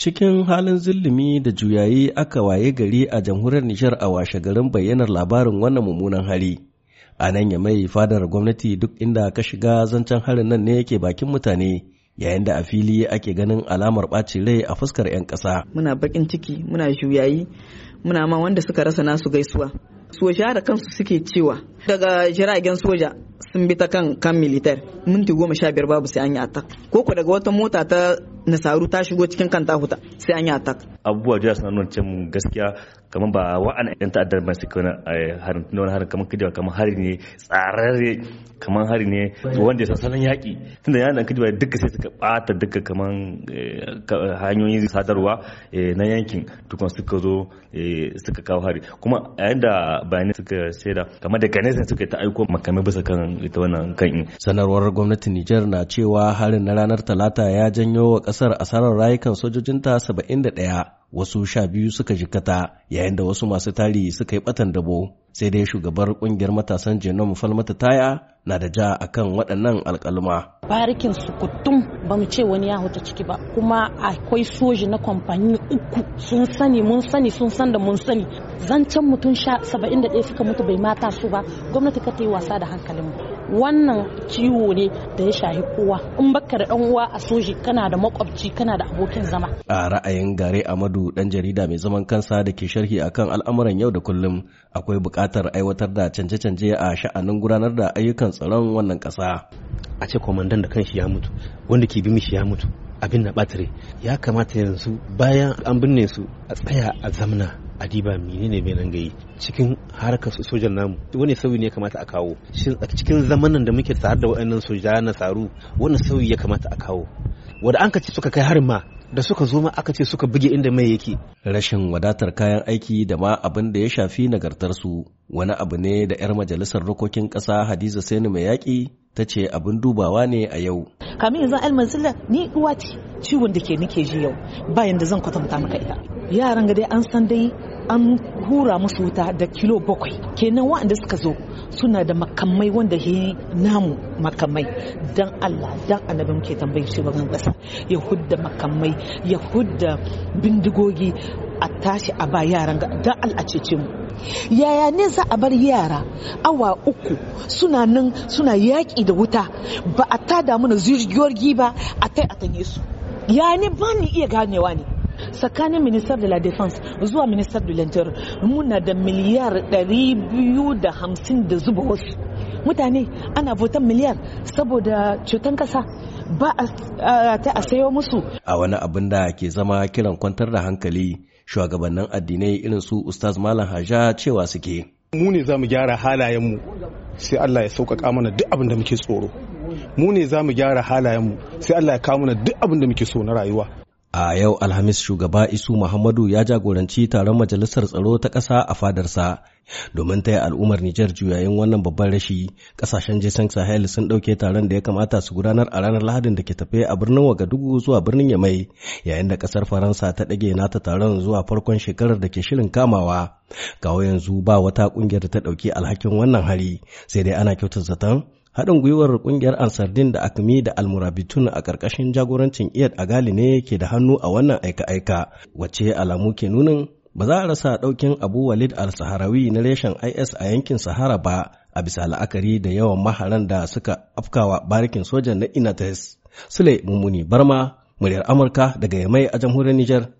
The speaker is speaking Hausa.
cikin halin zillimi da juyayi aka waye gari a jamhuriyar Nijar a washe garin bayyanar labarin wannan mummunan hari. A nan ya mai fadar gwamnati duk inda ka shiga zancen harin nan ne yake bakin mutane yayin da a fili ake ganin alamar bacin rai a fuskar 'yan ƙasa. Muna baƙin ciki, muna juyayi, muna ma wanda suka rasa nasu gaisuwa. Soja da kansu suke cewa daga jiragen soja sun bi ta kan kan militar minti goma sha biyar babu sai an yi attack. Koko daga wata mota ta nasaru ta shigo cikin kan ta huta sai an yi attack abubuwa jiya suna nuna cewa gaskiya kamar ba wa'an yan ta'addar ba suka wani eh, harin wani harin kamar kidiwa kamar hari ne tsararre kamar hari ne wanda ya salon yaƙi tunda yana da kidiwa duka sai suka bata duka kamar eh, hanyoyin sadarwa eh, na yankin tukun suka zo suka kawo hari kuma a yanda bayanai suka shaida kamar da ganesa suka ta aiko makamai bisa kan ita wannan kan sanarwar gwamnatin Nijar na cewa harin na ranar talata ya janyo wa kasar asarar rayukan sojojinta saba'in da ɗaya, wasu sha biyu suka jikata yayin da wasu masu tari suka yi batan dabo sai dai shugabar kungiyar matasan jenom falmata taya na da ja akan waɗannan alƙaluma. barikin sukutun ba mu ce wani ya huta ciki ba kuma akwai soji na kwamfani uku sun sani mun sani sun san da mun sani zancen mutum sha saba'in da ɗaya suka mutu bai mata su ba gwamnati ka ta yi wasa da mu wannan ciwo ne da ya shahi kowa in baka da dan uwa a soji kana da makwabci kana da abokin zama a ra'ayin gare amadu dan jarida mai zaman kansa da ke sharhi akan al'amuran yau da kullum akwai buƙatar aiwatar da canje-canje a sha'anin gudanar da ayyukan tsaron wannan ƙasa a ce kwamandan da kanshi ya mutu wanda ke bi mishi ya mutu abin na batire ya kamata yanzu bayan an binne su a tsaya a zamna a diba menene mai nan gayi cikin harkar sojan namu wani sauyi ne ya kamata a kawo a cikin zamanan da muke tare da waɗannan soja na tsaro wani sauyi ya kamata a kawo wanda an ka ce suka kai harin ma da suka zo ma aka ce suka buge inda mai yake. Rashin wadatar kayan aiki da ma abin da ya shafi nagartar su wani abu ne da 'yar majalisar rokokin ƙasa Hadiza sai Sani mai yaƙi ta ce abin dubawa ne a yau. Kami yanzu almanzila ni uwa ce ciwon da ke nike ji yau bayan da zan kwatanta maka ita. Yaran ga dai an san dai an hura musu wuta da kilo bakwai kenan wa'anda suka zo suna da makamai wanda he namu makamai dan Allah dan annabi muke tambayin shugaban kasa ya hudda makamai ya hudda bindigogi a tashi a ba yaran ga dan mu yaya ne za a bar yara awa uku suna nan suna yaƙi da wuta ba a tada na zirgiyorgi ba a tai a tanye su yaya ne ba ni iya ganewa ne tsakanin minister de la defense zuwa minister de l'interior muna da miliyar 250 da zuba wasu mutane ana votan miliyar saboda cutan kasa ba a ta a sayo musu a wani abin da ke zama kiran kwantar da hankali shugabannin addinai irin su ustaz malam haja cewa suke mu ne za mu gyara halayenmu sai Allah ya sauƙaƙa mana duk abin da muke tsoro mu ne za mu gyara halayenmu sai Allah ya kawo mana duk abin da muke so na rayuwa A yau Alhamis shugaba Isu Muhammadu ya jagoranci taron majalisar tsaro ta ƙasa a fadarsa domin taya al'ummar Nijar juyayin wannan babban rashi ƙasashen jisan Sahel sun ɗauke taron da ya kamata su gudanar a ranar Lahadin da ke tafe a birnin Wagadugu zuwa birnin Yamai yayin da ƙasar Faransa ta ɗage nata taron zuwa farkon shekarar da ke shirin kamawa. Kawo yanzu ba wata ƙungiyar da ta ɗauki alhakin wannan hari sai dai ana kyautar zaton haɗin gwiwar ƙungiyar ansardin da akmi da almurabitun a ƙarƙashin jagorancin iyad gali ne ke da hannu a wannan aika-aika wacce alamu ke nunin ba za a rasa ɗaukin abu walid al-saharawi na reshen is a yankin sahara ba a bisa la'akari da yawan maharan da suka afkawa barikin sojan na inates sule mummuni barma muryar amurka daga yamai a jamhuriyar nijar.